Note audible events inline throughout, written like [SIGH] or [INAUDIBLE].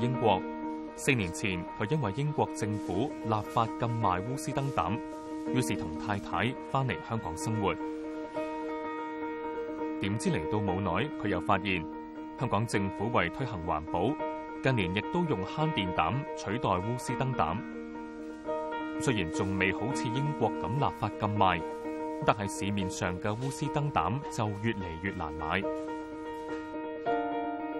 英國四年前佢，因為英國政府立法禁賣鎢絲燈膽，於是同太太翻嚟香港生活。點知嚟到冇耐，佢又發現香港政府為推行環保，近年亦都用慳電膽取代鎢絲燈膽。雖然仲未好似英國咁立法禁賣，但係市面上嘅鎢絲燈膽就越嚟越難買。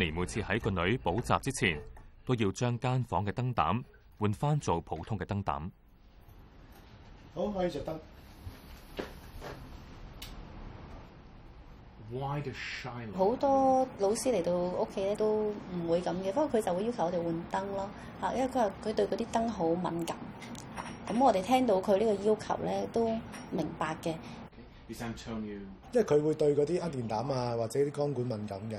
年每次喺個女補習之前，都要將間房嘅燈膽換翻做普通嘅燈膽。好，可以着燈。好多老師嚟到屋企咧，都唔會咁嘅，不過佢就會要求我哋換燈咯。啊，因為佢話佢對嗰啲燈好敏感。咁我哋聽到佢呢個要求咧，都明白嘅。o k 因為佢會對嗰啲鎢電膽啊，或者啲光管敏感嘅。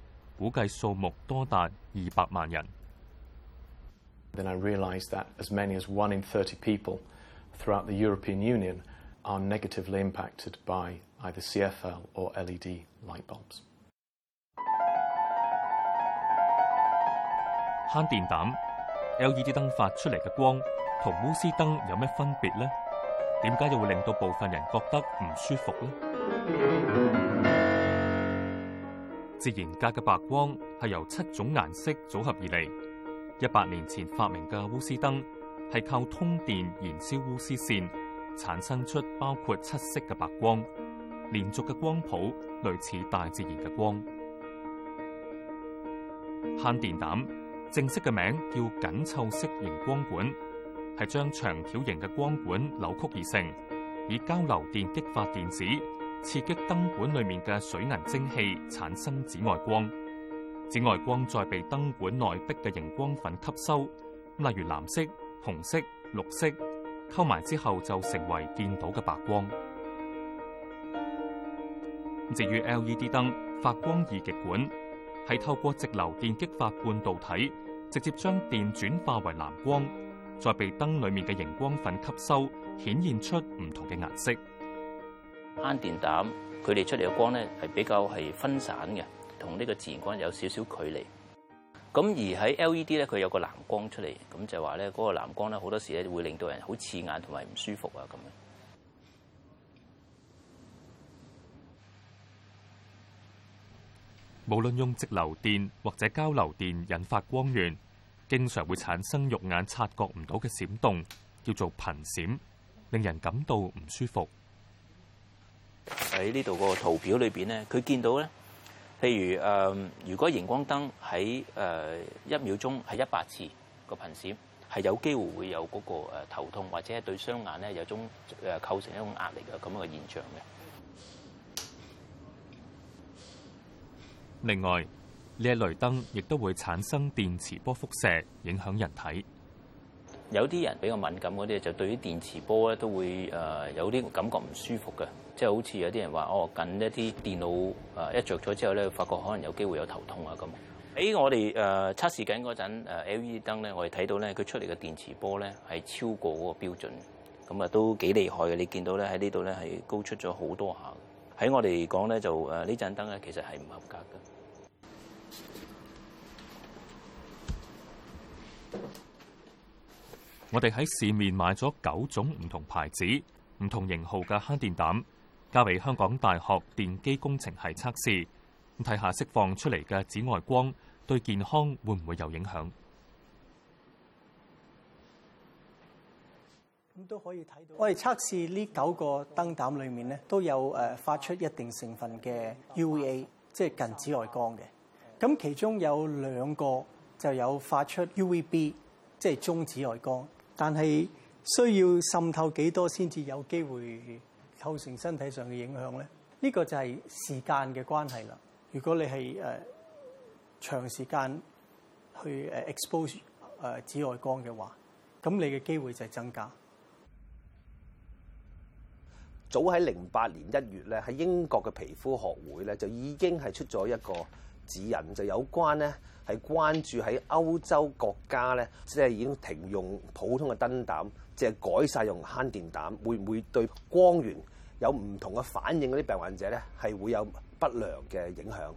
估計數目多達二百萬人。慳電膽 LED 燈發出嚟嘅光同鎢絲燈有咩分別呢？點解又會令到部分人覺得唔舒服呢？自然界嘅白光係由七種顏色組合而嚟。一百年前發明嘅鎢絲燈係靠通電燃燒鎢絲線產生出包括七色嘅白光，連續嘅光譜，類似大自然嘅光。慳電膽正式嘅名叫緊湊式熒光管，係將長條形嘅光管扭曲而成，以交流電激發電子。刺激燈管裏面嘅水銀蒸氣產生紫外光，紫外光再被燈管內壁嘅熒光粉吸收，例如藍色、紅色、綠色，溝埋之後就成為見到嘅白光。至於 LED 燈，發光二極管係透過直流電激發半導體，直接將電轉化為藍光，再被燈裏面嘅熒光粉吸收，顯現出唔同嘅顏色。慳電膽，佢哋出嚟嘅光呢係比較係分散嘅，同呢個自然光有少少距離。咁而喺 LED 咧，佢有個藍光出嚟，咁就話咧嗰個藍光呢好多時咧會令到人好刺眼同埋唔舒服啊咁。無論用直流電或者交流電引發光源，經常會產生肉眼察覺唔到嘅閃動，叫做頻閃，令人感到唔舒服。喺呢度個圖表裏邊咧，佢見到咧，譬如誒、呃，如果熒光燈喺誒一秒鐘係一百次個頻閃，係有機會會有嗰個誒頭痛，或者對雙眼咧有種誒構成一種壓力嘅咁樣嘅現象嘅。另外，呢一類燈亦都會產生電磁波輻射，影響人體。有啲人比較敏感嗰啲，就對於電磁波咧都會誒、呃、有啲感覺唔舒服嘅，即係好似有啲人話哦，近一啲電腦誒、呃、一着咗之後咧，發覺可能有機會有頭痛啊咁。喺、欸、我哋誒、呃、測試緊嗰陣 LED 燈咧，我哋睇到咧佢出嚟嘅電磁波咧係超過嗰個標準，咁啊都幾厲害嘅。你見到咧喺呢度咧係高出咗好多下，喺我哋嚟講咧就誒呢、呃、盞燈咧其實係唔合格嘅。 [NOISE] 我哋喺市面買咗九種唔同牌子、唔同型號嘅慳電膽，交俾香港大學電機工程系測試，睇下釋放出嚟嘅紫外光對健康會唔會有影響。咁都可以睇到。我哋測試呢九個燈膽裏面咧，都有誒發出一定成分嘅 UVA，即係近紫外光嘅。咁其中有兩個就有發出 UVB，即係中紫外光。但係需要滲透幾多先至有機會構成身體上嘅影響咧？呢個就係時間嘅關係啦。如果你係誒長時間去誒 expose 誒紫外光嘅話，咁你嘅機會就係增加。早喺零八年一月咧，喺英國嘅皮膚學會咧，就已經係出咗一個。指引就有關咧，係關注喺歐洲國家咧，即係已經停用普通嘅燈膽，即係改晒用慳電膽，會唔會對光源有唔同嘅反應嗰啲病患者咧，係會有不良嘅影響？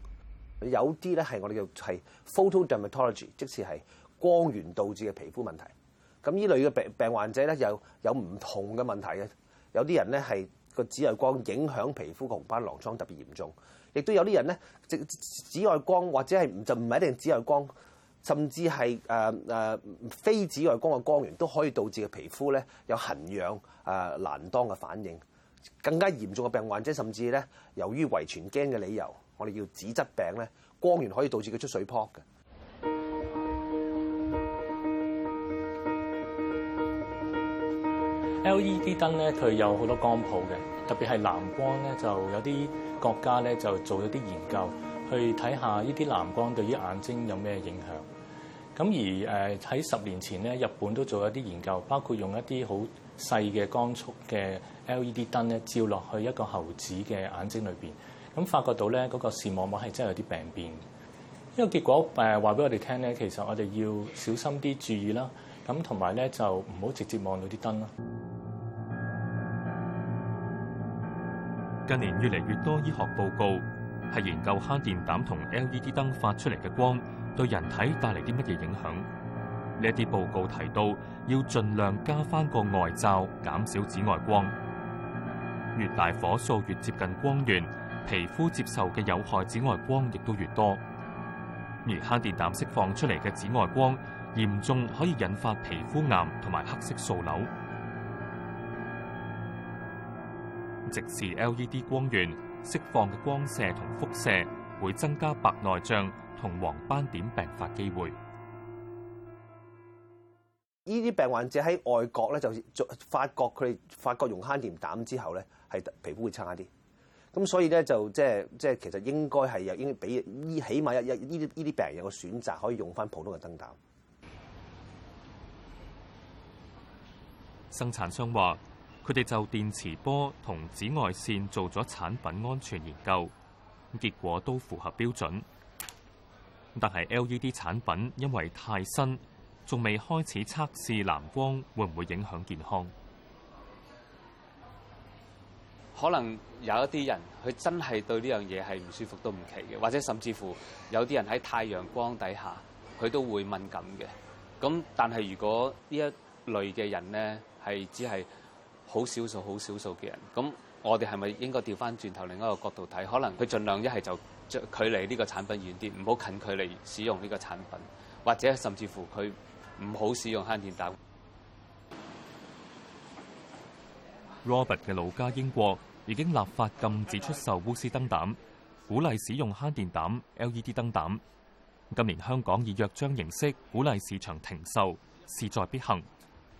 有啲咧係我哋叫係 photo dermatology，即係係光源導致嘅皮膚問題。咁呢類嘅病病患者咧，又有唔同嘅問題嘅。有啲人咧係個紫外光影響皮膚紅斑狼瘡特別嚴重。亦都有啲人咧，即紫外光或者係就唔係一定紫外光，甚至係誒誒非紫外光嘅光源都可以導致嘅皮膚咧有痕癢誒難當嘅反應，更加嚴重嘅病患者甚至咧，由於遺傳驚嘅理由，我哋叫紫質病咧，光源可以導致佢出水泡嘅。LED 燈咧，佢有好多光譜嘅。特別係藍光咧，就有啲國家咧就做咗啲研究，去睇下呢啲藍光對於眼睛有咩影響。咁而誒喺十年前咧，日本都做咗啲研究，包括用一啲好細嘅光束嘅 LED 燈咧，照落去一個猴子嘅眼睛裏邊，咁發覺到咧嗰個視網膜係真係有啲病變。呢個結果誒話俾我哋聽咧，其實我哋要小心啲注意啦。咁同埋咧就唔好直接望到啲燈啦。近年越嚟越多醫學報告係研究慳電膽同 LED 燈發出嚟嘅光對人體帶嚟啲乜嘢影響。呢一啲報告提到，要盡量加翻個外罩，減少紫外光。越大火數越接近光源，皮膚接受嘅有害紫外光亦都越多。而慳電膽釋放出嚟嘅紫外光，嚴重可以引發皮膚癌同埋黑色素瘤。直視 LED 光源釋放嘅光射同輻射，會增加白內障同黃斑點病發機會。呢啲病患者喺外國咧，就發覺佢哋發覺用慳電膽之後咧，係皮膚會差啲。咁所以咧就即係即係，其實應該係有應該俾呢起碼有一呢啲呢啲病人有個選擇，可以用翻普通嘅燈膽。生產商話。佢哋就電磁波同紫外線做咗產品安全研究，咁結果都符合標準。但係 LED 產品因為太新，仲未開始測試藍光會唔會影響健康。可能有一啲人佢真係對呢樣嘢係唔舒服都唔奇嘅，或者甚至乎有啲人喺太陽光底下佢都會敏感嘅。咁但係如果呢一類嘅人呢，係只係。好少數，好少數嘅人。咁我哋係咪應該調翻轉頭另一個角度睇？可能佢盡量一係就距離呢個產品遠啲，唔好近距離使用呢個產品，或者甚至乎佢唔好使用慳電膽。Robert 嘅老家英國已經立法禁止出售鎢絲燈膽，鼓勵使用慳電膽、LED 燈膽。今年香港以約章形式鼓勵市場停售，勢在必行。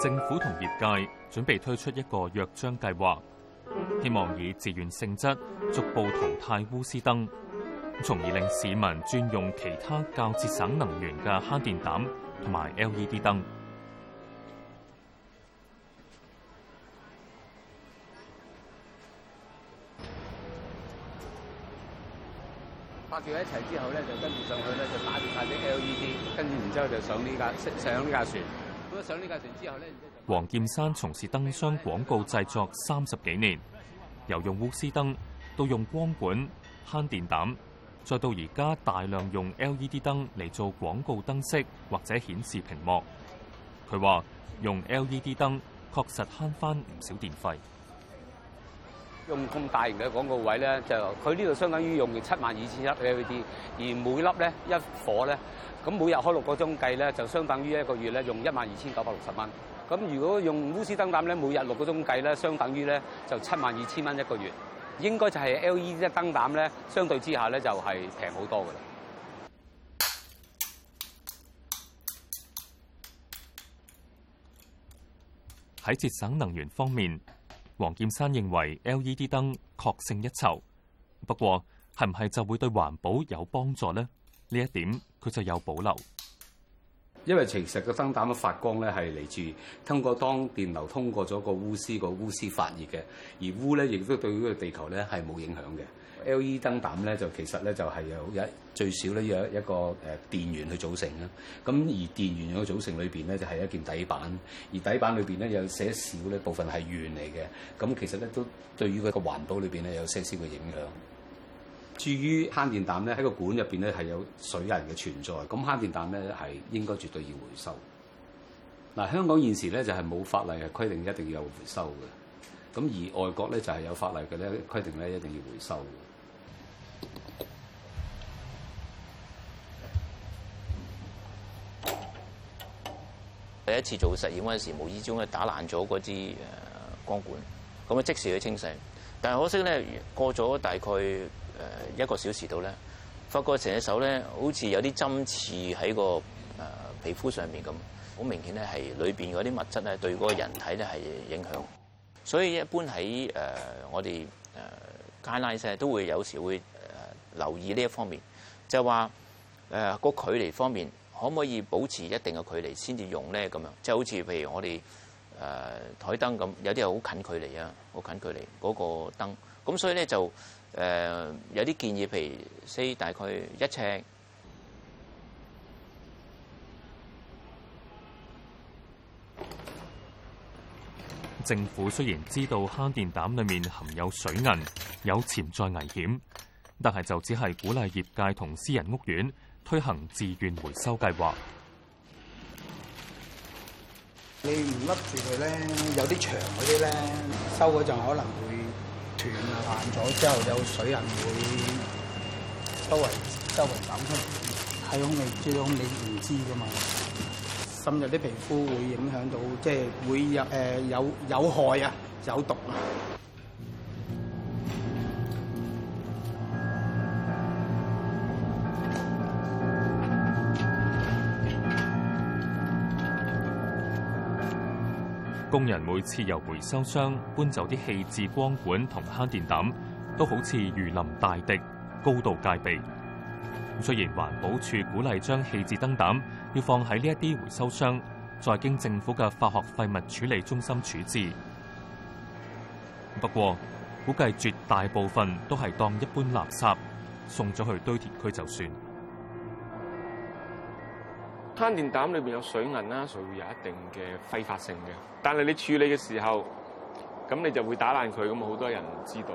政府同業界準備推出一個約章計劃，希望以自願性質逐步淘汰鎢絲燈，從而令市民轉用其他較節省能源嘅慳電膽同埋 LED 燈。拍住一齊之後咧，就跟住上去咧，就打住晒啲 LED，跟住然之後就上呢架上呢架，呢架船。上呢屆城之後咧，黃劍山從事燈箱廣告製作三十幾年，由用鎢絲燈到用光管慳電膽，再到而家大量用 LED 燈嚟做廣告燈飾或者顯示屏幕。佢話用 LED 燈確實慳翻唔少電費。用咁大型嘅廣告位咧，就佢呢度相當於用完七萬二千一 LED，而每粒咧一火咧。咁每日開六個鐘計咧，就相等於一個月咧用一萬二千九百六十蚊。咁如果用鎢絲燈膽咧，每日六個鐘計咧，相等於咧就七萬二千蚊一個月。應該就係 LED 燈膽咧，相對之下咧就係平好多嘅啦。喺節省能源方面，黃劍山認為 LED 燈確勝一籌。不過係唔係就會對環保有幫助呢？呢一點佢就有保留，因為其實個燈膽嘅發光咧係嚟自通過當電流通過咗個鎢絲，個鎢絲發熱嘅，而鎢咧亦都對呢個地球咧係冇影響嘅。LED 燈膽咧就其實咧就係有最少咧有一一個誒電源去組成啦，咁而電源嘅組成裏邊咧就係一件底板，而底板裏邊咧有少少咧部分係鉛嚟嘅，咁其實咧都對於佢嘅環保裏邊咧有些少嘅影響。至於慳電膽咧，喺個管入邊咧係有水銀嘅存在。咁慳電膽咧係應該絕對要回收。嗱，香港現時咧就係冇法例嘅規，規定一定要回收嘅。咁而外國咧就係有法例嘅咧規定咧一定要回收嘅。第一次做實驗嗰陣時候，無意中咧打爛咗嗰支誒光管，咁啊即時去清洗，但係可惜咧過咗大概。誒一個小時到咧，發覺成隻手咧，好似有啲針刺喺個誒皮膚上面咁，好明顯咧，係裏邊嗰啲物質咧對嗰個人體咧係影響。所以一般喺誒我哋誒街拉車都會有時會誒留意呢一方面，就係話誒個距離方面可唔可以保持一定嘅距離先至用咧？咁樣即係好似譬如我哋誒台燈咁，有啲係好近距離啊，好近距離嗰個燈咁，所以咧就。誒、呃、有啲建議，譬如四大概一尺。政府雖然知道慳電膽裡面含有水銀，有潛在危險，但係就只係鼓勵業界同私人屋苑推行自願回收計劃。你唔笠住佢呢，有啲長嗰啲呢，收嗰陣可能。爛咗之後，有水銀會周圍周圍滲出，係因為這種你唔知㗎嘛，滲入啲皮膚會影響到，即係會、呃、有誒有有害啊，有毒啊。工人每次由回收箱搬走啲棄置光管同慳電膽，都好似如臨大敵，高度戒備。雖然環保署鼓勵將棄置燈膽要放喺呢一啲回收箱，再經政府嘅化學廢物處理中心處置，不過估計絕大部分都係當一般垃圾送咗去堆填區就算。慳電膽裏邊有水銀啦，所以會有一定嘅揮發性嘅。但係你處理嘅時候，咁你就會打爛佢，咁好多人唔知道。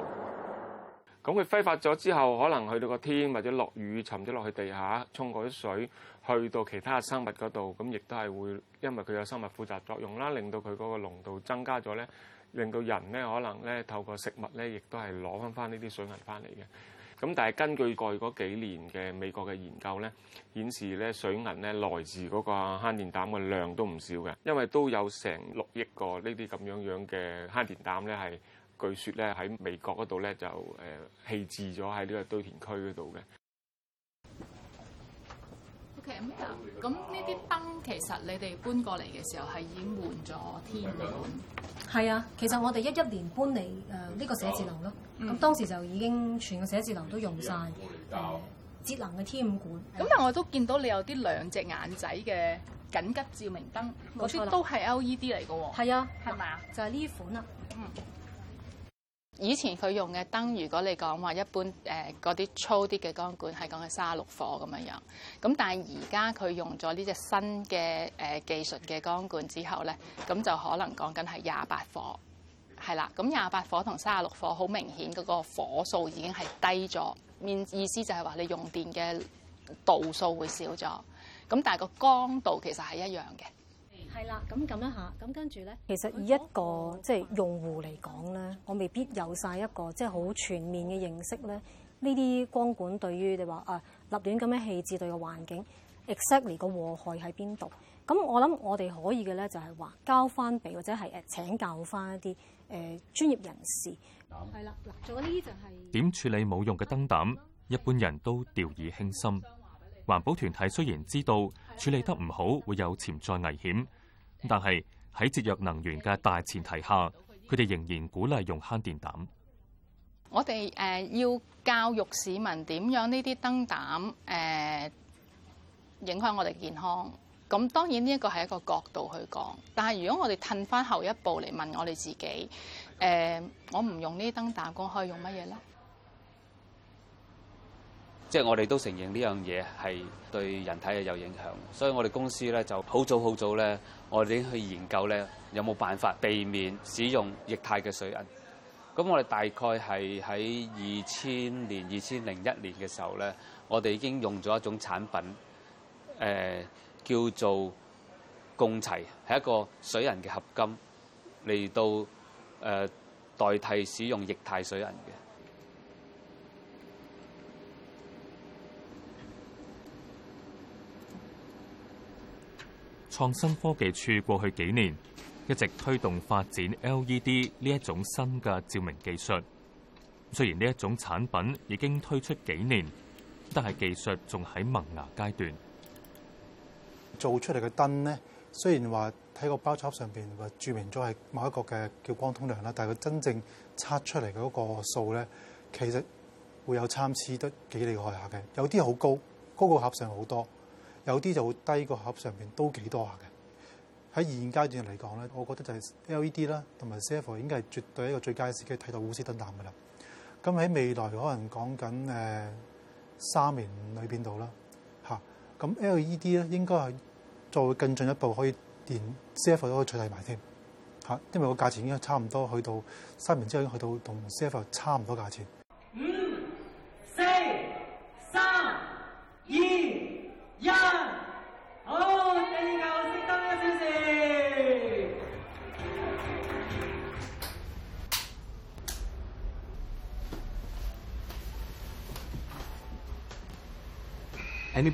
咁佢揮發咗之後，可能去到個天或者落雨，沉咗落去地下，沖過啲水，去到其他生物嗰度，咁亦都係會因為佢有生物富集作用啦，令到佢嗰個濃度增加咗咧，令到人咧可能咧透過食物咧，亦都係攞翻翻呢啲水銀翻嚟嘅。咁但係根據過去嗰幾年嘅美國嘅研究咧，顯示咧水銀咧來自嗰個慳電膽嘅量都唔少嘅，因為都有成六億個呢啲咁樣樣嘅慳電膽咧係據說咧喺美國嗰度咧就誒棄置咗喺呢個堆填區嗰度嘅。OK，咁呢啲燈其實你哋搬過嚟嘅時候係已經換咗 T5 管。係啊，其實我哋一一年搬嚟誒呢個寫字樓咯，咁、嗯嗯、當時就已經全個寫字樓都用晒曬、嗯、節能嘅 T5 管。咁但係我都見到你有啲兩隻眼仔嘅緊急照明燈，嗰啲都係 LED 嚟嘅喎。係啊，係咪啊？就係、是、呢款啊。嗯。以前佢用嘅燈，如果你講話一般誒嗰啲粗啲嘅光管係講緊係卅六火咁樣樣，咁但係而家佢用咗呢隻新嘅誒技術嘅光管之後咧，咁就可能講緊係廿八火，係啦，咁廿八火同卅六火好明顯嗰個火數已經係低咗，面意思就係話你用電嘅度數會少咗，咁但係個光度其實係一樣嘅。係啦，咁撳一下，咁跟住咧，其實以一個即係用戶嚟講咧，我未必有晒一個即係好全面嘅認識咧。呢啲光管對於你話誒立亂咁嘅氣治對個環境 exactly 個禍害喺邊度？咁我諗我哋可以嘅咧就係話交翻俾或者係誒請教翻一啲誒、呃、專業人士。係啦，嗱，仲有呢啲就係點處理冇用嘅燈膽？一般人都掉以輕心。環保團體雖然知道處理得唔好會有潛在危險。但係喺節約能源嘅大前提下，佢哋仍然鼓勵用慳電膽。我哋誒要教育市民點樣呢啲燈膽誒影響我哋健康。咁當然呢一個係一個角度去講，但係如果我哋褪翻後一步嚟問我哋自己誒、呃，我唔用呢啲燈膽，我可以用乜嘢咧？即係我哋都承認呢樣嘢係對人體係有影響，所以我哋公司咧就好早好早咧，我哋已經去研究咧有冇辦法避免使用液態嘅水銀，咁我哋大概係喺二千年、二千零一年嘅時候咧，我哋已經用咗一種產品，誒叫做共齊係一個水銀嘅合金嚟到誒代替使用液態水銀嘅。創新科技處過去幾年一直推動發展 LED 呢一種新嘅照明技術。雖然呢一種產品已經推出幾年，但係技術仲喺萌芽階段。做出嚟嘅燈呢，雖然話睇個包裝上邊話註明咗係某一個嘅叫光通量啦，但係佢真正測出嚟嗰個數咧，其實會有參差得幾厲害下嘅。有啲好高，高過盒上好多。有啲就會低個盒上邊都幾多下嘅。喺現階段嚟講咧，我覺得就係 LED 啦，同埋 C.F 應該係絕對一個最佳嘅時機睇到鎢絲燈膽嘅啦。咁喺未來可能講緊誒三年裏邊度啦，嚇、啊、咁 LED 咧應該係再更進一步可以連 C.F 都可以取代埋添嚇，因為個價錢已經差唔多去到三年之後已經去到同 C.F 差唔多價錢。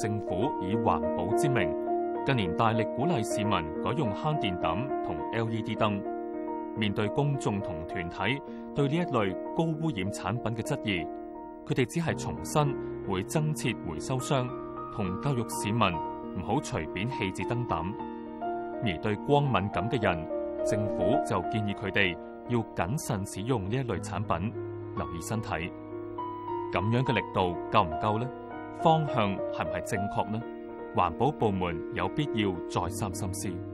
政府以環保之名，近年大力鼓勵市民改用慳電膽同 LED 燈。面對公眾同團體對呢一類高污染產品嘅質疑，佢哋只係重申會增設回收箱，同教育市民唔好隨便棄置燈膽。而對光敏感嘅人，政府就建議佢哋要謹慎使用呢一類產品，留意身體。咁樣嘅力度夠唔夠呢？方向係唔係正確呢？環保部門有必要再三深思。